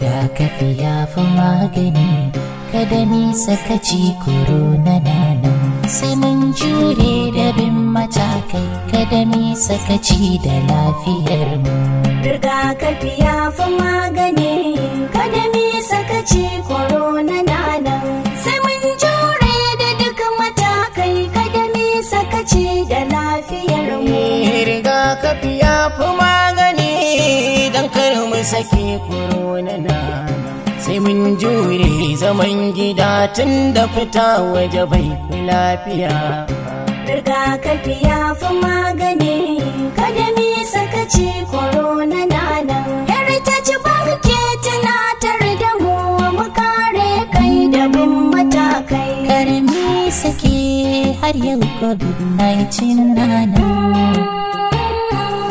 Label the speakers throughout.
Speaker 1: da ka fi fi
Speaker 2: magani kada ni sakaci koro na nan sai mun jure da bin matakai kada ni sakaci da lafiyar
Speaker 1: mu rigakafi ya fi magani kada ni sakaci koro na nan sai mun jure da duk matakai kada
Speaker 3: ni sakaci da lafiyar mu eh, rigakafi ya fi sake korona na sai mun jure zaman gida tun da fita waje bai fi lafiya
Speaker 1: rigakafi ya fi magani kada mi sakaci korona na Yar ta bank ke tunatar da mu mu kare kai da bin matakai karmi sake har
Speaker 2: yau covid-19 na nan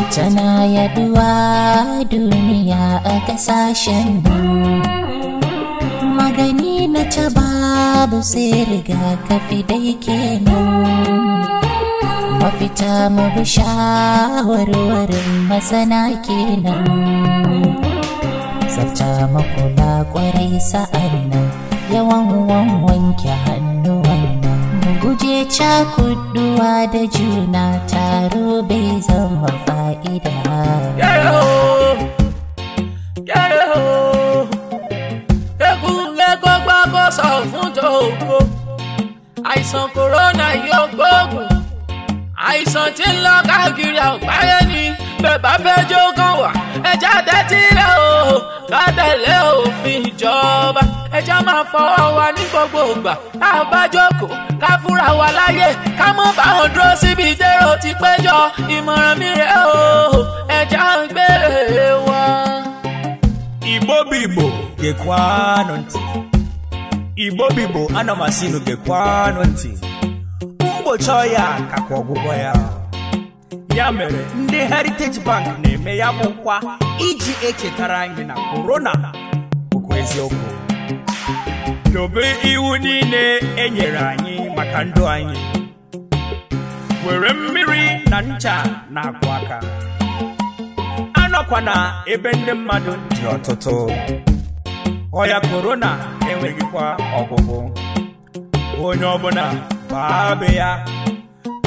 Speaker 2: tana yaduwa duniya a kasashen mu. magani na ta babu sai rigakafi dai kenan mafita mu bi shawarwarin masana kenan tsafta makula kwarai sa'an nan yawan wanke hannuwan nan mu guje cakuduwa da juna taro bai zama
Speaker 3: sọ fún jòògbó àìsàn kòrónà yóò gbóògùn àìsàn tí ń lọ káàkiri àgbáyé ni bẹ̀bá fẹ́ jókòó wà ẹja tẹ́tílẹ̀ o ká tẹ̀lé òfin ìjọba ẹja máa fọwọ́ wa ní gbogbo ìgbà tá a bá jókòó ká fúnra wa láyè ká mú báwọn dúró síbi dé. ó ti pẹ́ jọ ìmọ̀ràn mi rẹ̀ o ẹja ń gbé wa.
Speaker 4: Igbo bụ Igbo gekwanụ ntị Igbo bụ Igbo ana m asị unu gekwanụ ntị mgbochi ọya kakwa ọgwụgwọ ya ya mere ndị Heritage Bank na-eme ya bụ nkwa iji echetara anyị na korona bụkwa eziokwu dobe iwu niile e nyere anyị maka ndụ anyị were mmiri na ncha na akụ aka anọkwa na ebe ndị mmadụ dị ọtụtụ ọya korona enweghịkwa ọgwụgwụ onye ọbụla baa be ya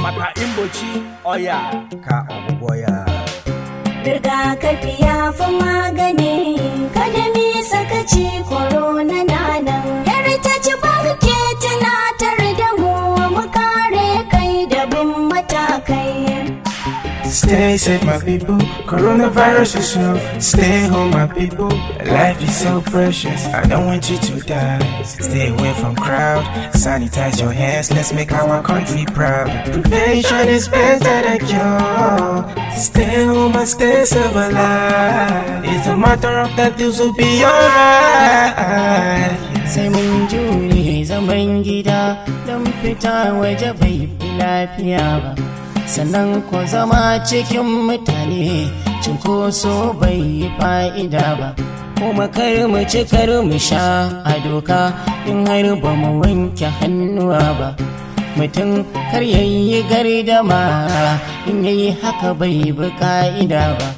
Speaker 4: maka igbochi ọya ka ọgwụgwọ ya ya stay safe, my people. Coronavirus is real. Stay home, my people. Life is so precious. I don't want you
Speaker 3: to die. Stay away from crowd. Sanitize your hands. Let's make our country proud. Prevention is better than cure. Stay home and stay safe alive. It's a matter of that you will be alright. Sai mun jure gida don fita waje bai sannan ku zama cikin mutane cinkoso bai yi fa'ida ba kuma kar mu ci kar mu sha a doka in har ba mu wanke hannuwa ba mutum kar yayi gardama in yayi haka bai bi ka'ida ba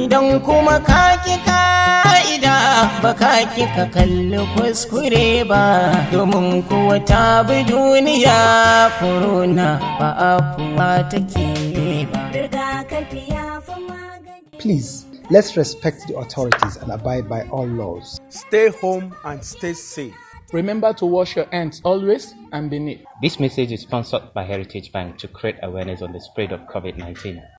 Speaker 3: idan kuma ka ki ka ka'ida baka kika kalli kuskure ba domin kuwa ta bi duniya corona
Speaker 4: ba afuwa take ba please Let's respect the authorities and abide by all laws. Stay home and stay safe. Remember to wash your hands always and beneath. This message is sponsored by Heritage Bank to create awareness on the spread of COVID 19.